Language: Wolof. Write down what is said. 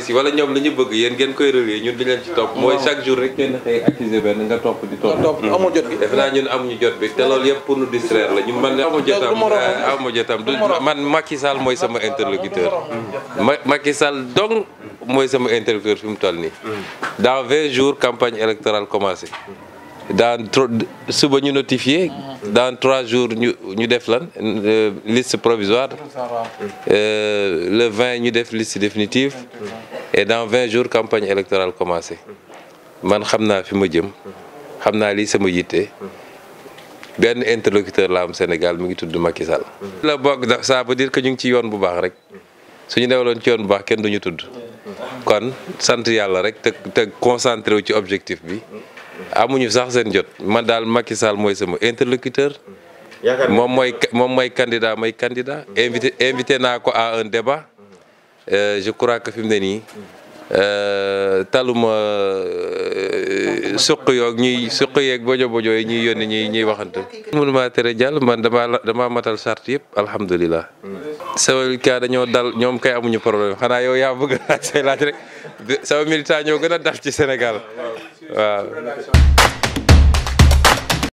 si wala ñoom li ñu bëgg yéen ngeen koy relier ñun duñ leen ci topp mooy chaque jour rek kenn xëy activé benn nga topp di topp hmm. jot bi def naa ñun amuñu jot bi te lool yëpp pour nous distraire la ñun man amu jotam ah, amu jotam man Macky Sall mooy sama interlocuteur Macky Sall dong mooy sama interlocuteur fi mu toll nii hmm. dans vingt jours campagne électorale commencé dans trop suba ñu notifié dans trois jours ñu ñu def lan euh, liste provisoire euh, le vingt ñu def liste définitive et dans vingt jours campagne électorale commencé man xam naa fi ma jëm xam naa lii sama yitte benn interlocuteur la am Sénégal mi ngi tudd Macky Sall. la bokk da ça veut que ñu ngi ci yoon bu baax rek suñu newaloon ci yoon bu baax kenn duñu tudd kon sant yàlla rek te te concentré wu ci objectif bi amuñu sax seen jot man daal Macky Sall mooy sama interlocuteur. moom mooy moom mooy candidat mooy candidat. Mm-hmm. invité invité naa ko a un débat. Euh, je crois que fi mu ne nii euh, taluma euh, suq yoog ñuy suq yeeg bojo bojo yi ñuy yónni ñuy ñuy waxante. mënu maa tere jàll ma damaa damaa matal charte yëpp alhamdulilah. Mm-hmm. sama militant dañoo dal ñoom kay amuñu problème xanaa yow yaa ñoo gën a dal ci Sénégal. waaw